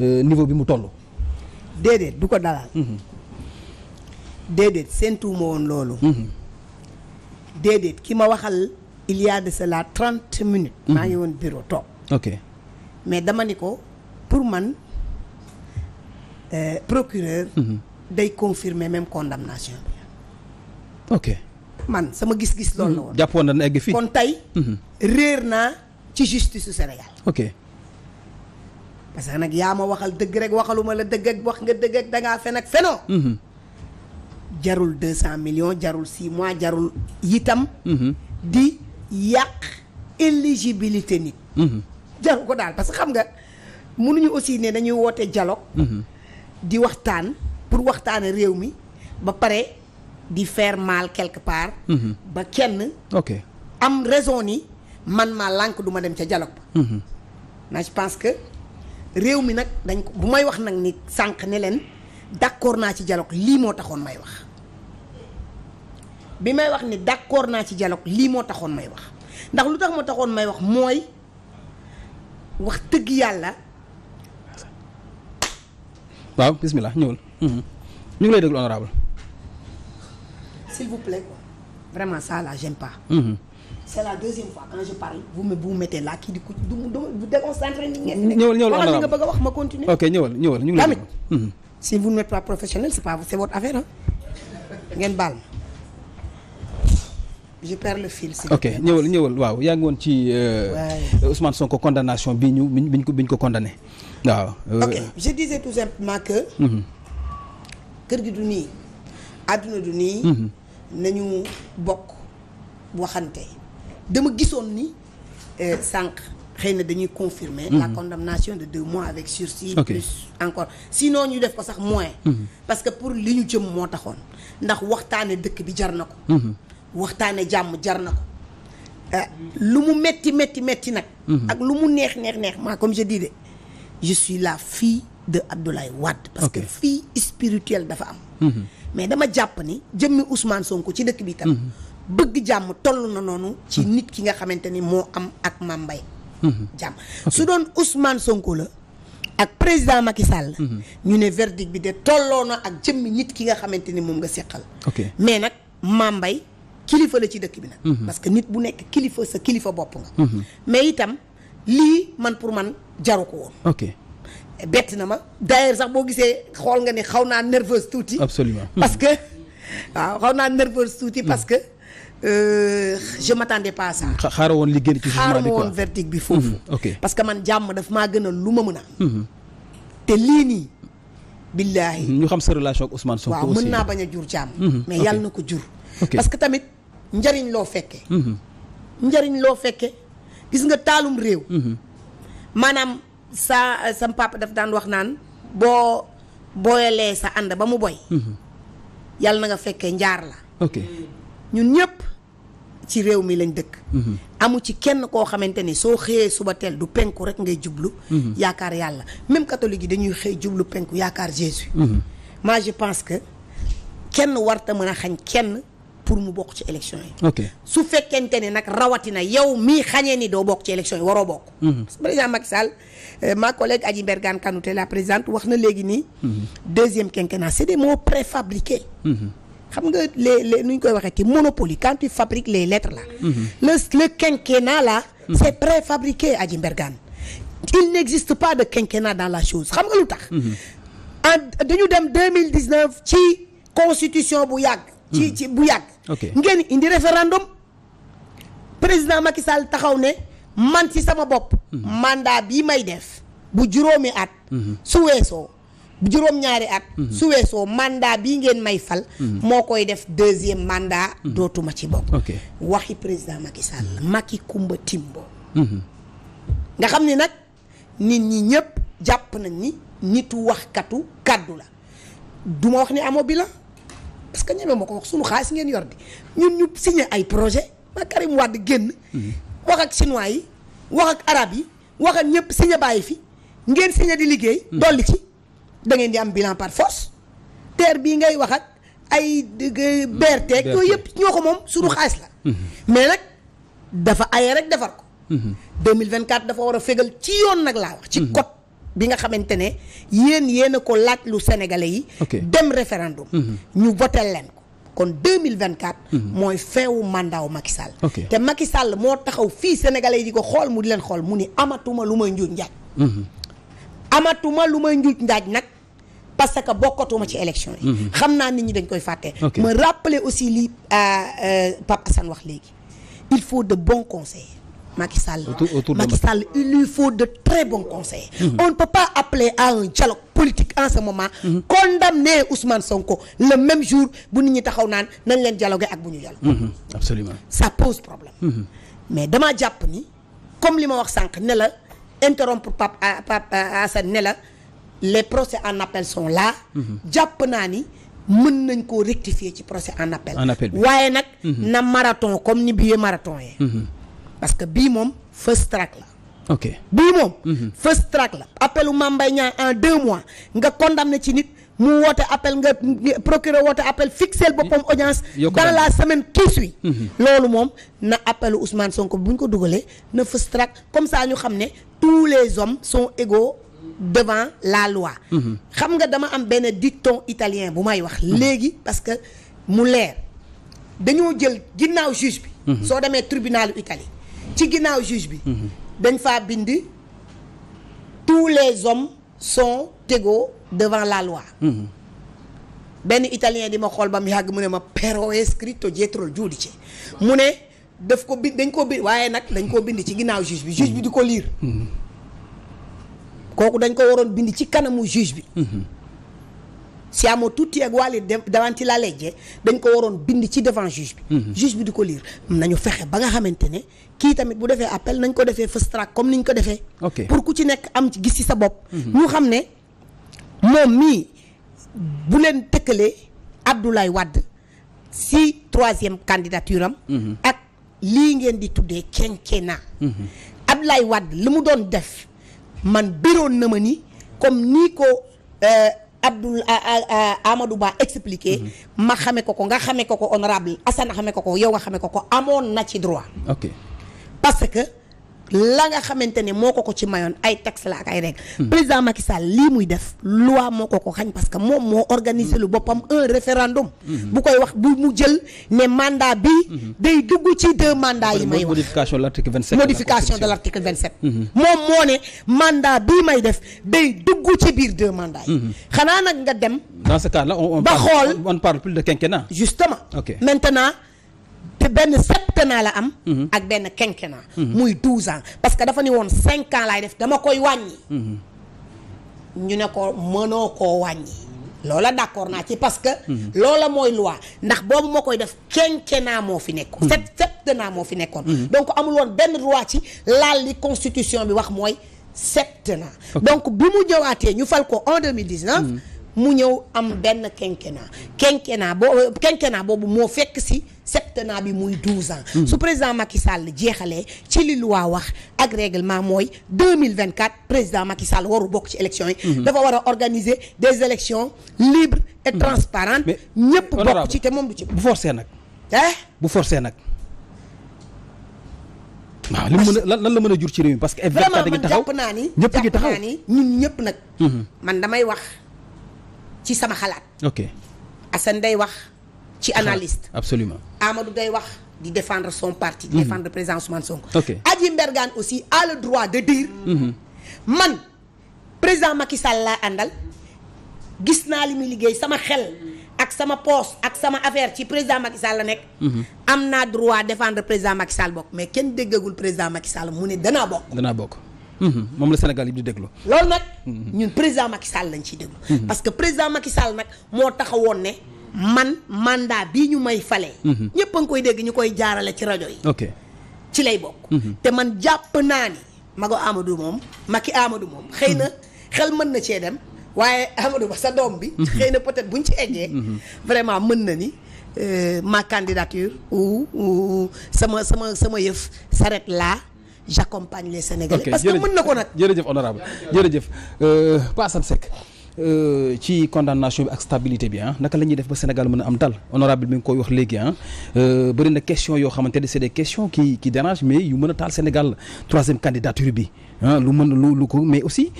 Euh, niveau bi mu toll. déedéet du ko dalal. Mhm. déedéet séentuwuma woon loolu. Mhm. déedéet ki ma waxal il y a trente minutes. Mhm. maa ngi woon bureau toog. ok mais dama ni ko pour man euh, procureur. day confirmer même condamnation bi. man sama gis-gis. loolu la woon jàppoon na egg fii kon tey. réer naa ci justice su Sénégal. parce que nag yaa ma waxal dëgg rek waxaluma la dëgg ak wax nga dëgg ak dangaa fen ak fenoo mhm. jarul deux cent millions jarul six mois jarul yitam mhm. di yàq éligibilité nit mhm. jaru ko daal parce que xam nga mënuñu aussi ne dañuy woote dialogue di waxtaan pour waxtaane réew mi ba pare di faire mal quelque part ba kenn ok am raison ni man maa lànk duma dem ca dialogue ba na je pense que réew mi nag dañ ko bu may wax nag ni sànq ni leen d'accord naa ci dialogue lii moo taxoon may wax bi may wax ni d'accord naa ci dialogue lii moo taxoon may wax ndax lu tax ma taxoon may wax mooy wax dëgg yàlla. waaw bismillah ñëwul. Mhm. ñu ngi lay déglu honorable. s'il vous plaît vraiment ça là j'aime c'est la deuxième fois quand je parie vous me vous mettez là kii di ko du du déconcentré ni ngeen nekk. ñëwal ñëwal ñëwal ñëwal mhm. ma je le fil. ok ñëwal ñëwal waaw yaa ngi woon ci. Euh, Ousmane Sonko condamnation bi ñu bi ñu ko bi ko condamné waaw. Euh, ok mhm. kër gi du nii. àdduna du nii. Mhm. nañu bokk waxante. dama gisoon ni euh, sànq xëy na dañuy confirmer la mhm. condamnation de deux mois avec sursis okay. plus encore sinon ñu def ko sax moins mhm. parce que pour li ñu jëm moo taxoon ndax waxtaane dëkk bi jar na ko mhm. waxtaane jàmm jar na ko euh, lu mu metti metti metti nag ak lu mu neex neex neex maa comme je dis de je suis la fille de Abdoulaye Wade parce okay. que fille spirituelle dafa am mais dama jàpp ni jëmmi Ousmane Sonko ci dëkk bi tam bëgg jàmm tollu na noonu ci hmm. nit ki nga xamante ni moo am ak Mame Mbaye hmm. jàmm su doon Ousmane Sonko la ak président Macky Sall hmm. ñu ne verdict bi de tolloo na ak jëmm nit ki nga xamante ni moom nga seqal mais nag Mame kilifa la ci dëkk bi nag parce que nit bu nekk kilifa sa kilifa bopp nga mais itam lii man pour man jaru ko woon bett na ma d'ailleurs sax boo gisee xool nga ne xaw naa nerveuse tuuti absolument parce que waaw xaw naa nerveuse tuuti parce que Euh, je m'attendais pas à ça. xaaral woon li gën ci jugement bi quoi xaaral woon verdict bi foofu. Mm-hmm. ok parce que man jàmm daf maa a lu ma mën a. Mm-hmm. te lii nii. billaahi ñu xam sa relation ak Ousmane Sonko aussi waaw mën naa bañ a jur jàmm. Mm-hmm. mais yàlla na ko jur. parce que tamit njariñ loo fekke njariñ loo fekkee gis nga taalum réew. maanaam sa sa papa daf daan wax naan boo booyalee sa ànd ba mu boy. yàlla na nga fekkee njaar la. ñun ñëpp ci réew mi lañ dëkk mhm. amu ci kenn koo xamante ni soo xëyee suba teel du penku rek ngay jublu mhm. yaakaar yàlla même catholique yi dañuy xëy jublu penku yaakaar Jésus ma mhm. je pense que kenn warta mën a xañ kenn pour mu bokk ci élection yi ok su fekkente ne nag rawatina yow mii xañee ni doo bokk ci élection yi waroo bokk parce que euh, ma collègue Adji Mbergane Kanouté la présidente wax na léegi nii deuxième quinquennat c'est des mots préfabriqués xam nga les les nu koy waxee ci monopole quand tu fabriques les lettres là. Mm -hmm. le le quinquennat là. Mm -hmm. c'est préfabriqué Adji Mbergane il n'existe pas de quinquennat dans la chose xam nga lu tax. Mhm. en dañu dem 2019 ci constitution bu yàgg. ci mhm. ci bu yàgg. ngeen indi référendum président Macky Sall taxaw ne man ci sama bopp. Mhm. mandat bi may def bu juróomi at. su weesoo. juróom-ñaari at mhm. su weesoo mandat bii ngeen may fal mhm. moo koy def deuxième mandat mhm. dootuma ci bokk waxi président Macky Sall Macky Kumba Timbo nga xam ni nag nit ñi ñëpp jàpp nañ ni nitu wax katu kàddu la duma wax ni amoo bilan parce que ñeme ma ko wax sunu xaalis ngeen yor di ñun ñu signé ay projet ba Karim Wade génn wax ak chinois yi wax ak arab yi wax ak ñëpp signé bàyyi fi ngeen signé di liggéey dolli ci da ngeen di am bilan par force terre bii ngay wax ak ay berteeg yooyu yëpp ñoo ko moom suñu xaalis la mhm. mais nag dafa aye rek defar ko mhm. mille 2024 dafa war a fegal ci yoon nag laa wax ci mhm. code bi nga xamante ne yéen yéen a ko laaj lu sénégalais yi dem référendum ñu votel leen ko kon 2024 mooy feewu mandat wu Macky Sall te Macky Sall moo taxaw fii sénégalais yi di ko xool mu di leen xool mu ni amatuma lu may njuuj njaaj amatuma lu may njuuj ndaaj nag parce que bokkatuma ci élection yi mhm. xam naa nit ñi dañ koy fàtte ma rappeler aussi li euh, euh, Pape Assane wax léegi il faut de bons conseils Macky Sall Macky Sall il lui faut de très bons conseils mhm. on ne peut pas appeler en un dialogue politique en ce moment mhm. condamner Ousmane Sonko le même jour bu nit ñi taxaw naan nañ leen dialoguer ak bu ñu dialogue absolument ça pose problème mais dama jàpp ni comme li ma wax sànq ne interrompre Pape euh, Pape euh, Assane ne la les procès en appel sont là. Mhm. jàpp naa ni mën nañ koo rectifier ci procès en appel. en appel waaye nag. Mhm. na marathon comme ni bii marathon yee. Mhm. parce que bii moom first track la. ok bii moom. first track la appelu Mame Mbaye en deux mois nga na ci nit mu woote appel nga procureur woote appel fixel boppam audience. dans la semaine qui suit. Mm -hmm. loolu moom na appelu Ousmane Sonko bu ko dugalee na first track comme ça ñu xam ne tous les hommes sont égaux devant la loi mhm. xam nga dama am benn dicton italien bu may wax mhm. léegi parce que mu leer dañoo jël ginnaaw juge bi mhm. soo demee tribunalu Italie ci ginnaaw juge bi dañ faa bind tous les hommes sont égaux devant la loi benn italien di ma xool ba yàgg mu ne ma però è scritto dietro il mu ne daf ko bind dañ koo bind waaye nag dañ koo bind ci ginnaaw juge bi juge bi di ko liir kooku dañ ko waroon bind ci kanamu juge bi siamo tutti ak wàlli davanti la legge dañ ko waroon bind ci devant juge bi mhm. juge bi di ko liir nañu fexe ba nga xamante ne kii tamit bu defee appel nañ ko defee fast track comme ñu ko defee pour ku ci nekk am ci gis ci sa bopp mhm. ñu xam ne moom mii bu leen tëkkalee Abdoulaye Wade si troisième candidature am mhm. ak lii ngeen di tuddee quinquennat Ablaye Wade li mu doon def man biroon na ma ni comme nii ko euh, Abdoul Amadou Ba expliqué mhm. ma xame ko ko nga xame ko ko honorable Assane xame ko ko yow nga xame ko ko amoon na ci droit parce que la nga xamante ne moo ko ko ci mayoon ay tax la ak ay règle président Macky Sall lii muy def loi moo ko ko xañ parce que moom moo organiser lu boppam un référendum mhm. bu koy wax bu mu jël ne mandat bi mhm. day dugg ci deux mandats yi may wax modification de l'article 27 modification de l'article 27 mhm. moom moo ne mandat bii may def day dugg ci biir deux mandats yi xanaa nag nga dem dans ce cas là on on parle plus de quinquennat justement maintenant te benn septennat la am. Mhm. ak benn quinquennat. Mhm. muy douze ans parce que dafa ne woon cinq ans laay def dama koy wàññi. Mhm. ñu ne ko mënoo koo wàññi. loola d'accord naa ci parce que. loola mooy loi ndax boobu ma koy def quinquennat moo fi nekkoon. sept moo fi nekkoon. donc amul woon benn droit ci laal li constitution bi wax mooy septennat. donc bi mu ñëwaatee ñu fal ko en 2019. mu ñëw am benn quinquennat quinquennat boobu quinquennat boobu moo fekk si septennat bi muy 12 ans. Hmm. su président Macky Sall jeexalee ci li lu loi wax ak règlement mooy 2024 président Macky Sall waru bokk ci élection yi. Hmm. dafa war a organiser des élections libres et hmm. transparentes. ñëpp bokk ci te moom du ci. bu forcé nag. eh bu forcé nag. waaw li mën a lan la man a jur ci réew mi parce que. F24 vraiment man jàpp naa ni. ñëpp gi ñun ñëpp nag. man damay wax. ci sama xalaat. ok Assane day wax ci analyste. absolument Amadou day wax di défendre son parti. di mhm. défendre président Ousmane son ok Adji Mbergane aussi a le droit de dire. Mhm. man président Macky Sall laa àndal gis naa li muy liggéey sama xel. ak sama poste ak sama affaire ci président Macky Sall la nekk. Mhm. am naa droit défendre président Macky Sall bokk mais kenn déggagul président Macky Sall mu ne danaa bokk. danaa bokk. Mhm. moom la Sénégal yi di déglu. loolu nag mhm. ñun président Macky Sall lañ ciy déglu. Mhm. parce que président Macky Sall nag moo taxawoon ne man mandaa bii ñu may fale. ñëpp a ngi koy dégg ñu koy jaarale ci rajo yi. ok ci lay bokk. te man jàpp naa ni mago Amadou moom maki Amadou moom xëy na xel mën na cee dem. waaye Amadou Ba sa doom bi. xëy na peut-être ñu ci eggee. vraiment mën na ni euh, ma candidature. ou sama sama sama yëf saret laa. j'accompagne les Sénégalais. Okay. parce que honorable jërëjëf euh, Pa Assane euh, ci condamnation bi ak stabilité bi ah naka la ñuy def ba Sénégal mën a am dal honorable bi nga koy wax léegi ah euh, bëri na question yoo xamante ne c'est des questions ki qui dérangent mais yu mën a taal Sénégal troisième candidature bi ah lu mën lu lu ko mais aussi